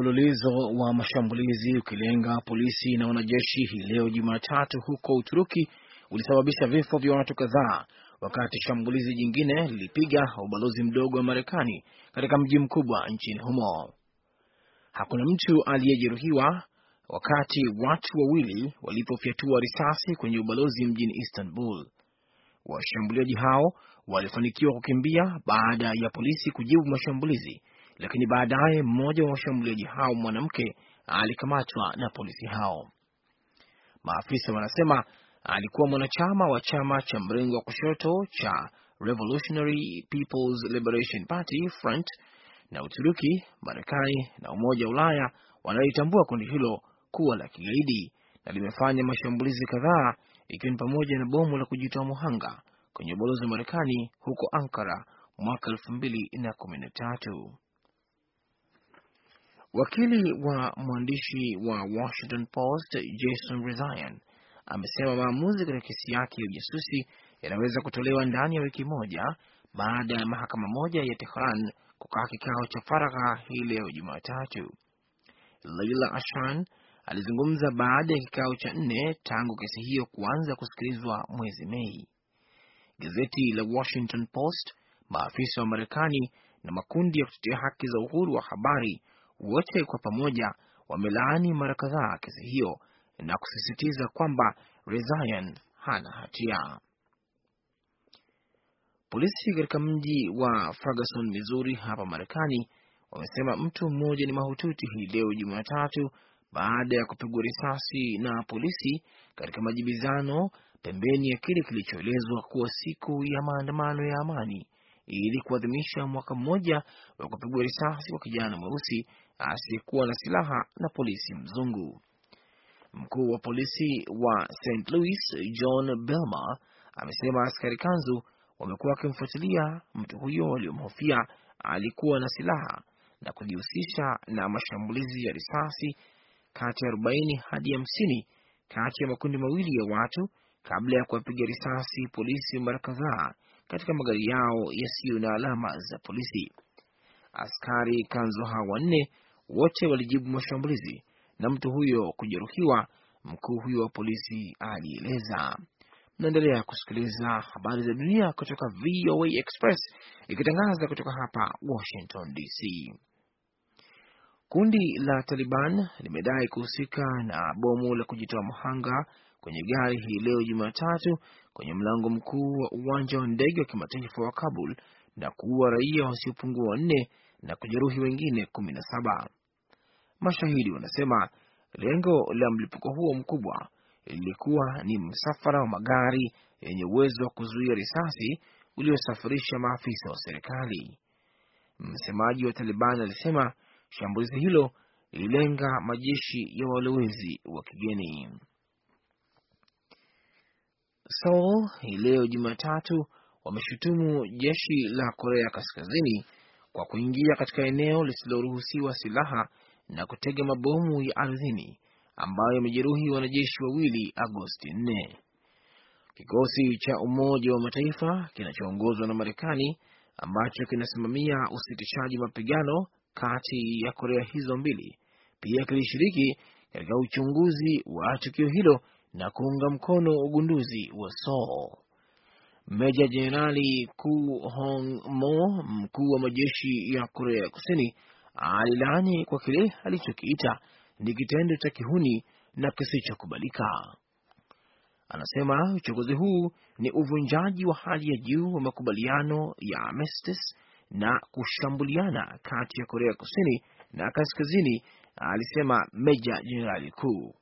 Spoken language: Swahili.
mfululizo wa mashambulizi ukilenga polisi na wanajeshi hii leo Jumatatu huko Uturuki ulisababisha vifo vya watu kadhaa, wakati shambulizi jingine lilipiga ubalozi mdogo wa Marekani katika mji mkubwa nchini humo. Hakuna mtu aliyejeruhiwa wakati watu wawili walipofyatua risasi kwenye ubalozi mjini Istanbul. Washambuliaji hao walifanikiwa kukimbia baada ya polisi kujibu mashambulizi lakini baadaye mmoja wa washambuliaji hao mwanamke alikamatwa na polisi hao. Maafisa wanasema alikuwa mwanachama wa chama cha mrengo wa kushoto cha Revolutionary People's Liberation Party Front, na Uturuki, Marekani na Umoja wa Ulaya wanalitambua kundi hilo kuwa la kigaidi na limefanya mashambulizi kadhaa ikiwa ni pamoja na bomu la kujitoa muhanga kwenye ubalozi wa Marekani huko Ankara mwaka elfu mbili na kumi na tatu. Wakili wa mwandishi wa Washington Post Jason Rezaian amesema maamuzi katika kesi yake ya ujasusi yanaweza kutolewa ndani ya wiki moja baada ya mahakama moja ya Tehran kukaa kikao cha faragha hii leo Jumatatu. Leila Ashan alizungumza baada ya kikao cha nne tangu kesi hiyo kuanza kusikilizwa mwezi Mei. Gazeti la Washington Post, maafisa wa Marekani na makundi ya kutetea haki za uhuru wa habari wote kwa pamoja wamelaani mara kadhaa kesi hiyo na kusisitiza kwamba Rezaian hana hatia. Polisi katika mji wa Ferguson, Missouri, hapa Marekani wamesema mtu mmoja ni mahututi hii leo Jumatatu baada ya kupigwa risasi na polisi katika majibizano pembeni ya kile kilichoelezwa kuwa siku ya maandamano ya amani ili kuadhimisha mwaka mmoja wa kupigwa risasi kwa kijana mweusi asiyekuwa na silaha na polisi mzungu. Mkuu wa polisi wa St Louis John Belmar amesema askari kanzu wamekuwa wakimfuatilia mtu huyo waliomhofia alikuwa na silaha na kujihusisha na mashambulizi ya risasi kati ya 40 hadi 50 kati ya makundi mawili ya watu kabla ya kuwapiga risasi polisi mara kadhaa katika magari yao yasiyo na alama za polisi. Askari kanzu hawa wanne wote walijibu mashambulizi na mtu huyo kujeruhiwa, mkuu huyo wa polisi alieleza. Mnaendelea kusikiliza habari za dunia kutoka VOA Express ikitangaza kutoka hapa Washington DC. Kundi la Taliban limedai kuhusika na bomu la kujitoa mhanga kwenye gari hii leo Jumatatu kwenye mlango mkuu wa uwanja wa ndege wa kimataifa wa Kabul na kuua raia wasiopungua wanne na kujeruhi wengine kumi na saba. Mashahidi wanasema lengo la mlipuko huo mkubwa lilikuwa ni msafara wa magari yenye uwezo wa kuzuia risasi uliosafirisha maafisa wa serikali. Msemaji wa Taliban alisema shambulizi hilo lililenga majeshi ya walowezi wa kigeni. Seoul hii leo Jumatatu wameshutumu jeshi la Korea Kaskazini kwa kuingia katika eneo lisiloruhusiwa silaha na kutega mabomu ya ardhini ambayo yamejeruhi wanajeshi wawili Agosti 4. Kikosi cha Umoja wa Mataifa kinachoongozwa na Marekani ambacho kinasimamia usitishaji mapigano kati ya Korea hizo mbili pia kilishiriki katika uchunguzi wa tukio hilo na kuunga mkono ugunduzi wa Seoul. Meja Jenerali Ku Hong Mo, mkuu wa majeshi ya Korea ya Kusini, alilaani kwa kile alichokiita ni kitendo cha kihuni na kisichokubalika. Anasema uchokozi huu ni uvunjaji wa hali ya juu wa makubaliano ya Armistice na kushambuliana kati ya Korea Kusini na Kaskazini, alisema Meja Jenerali Kuu.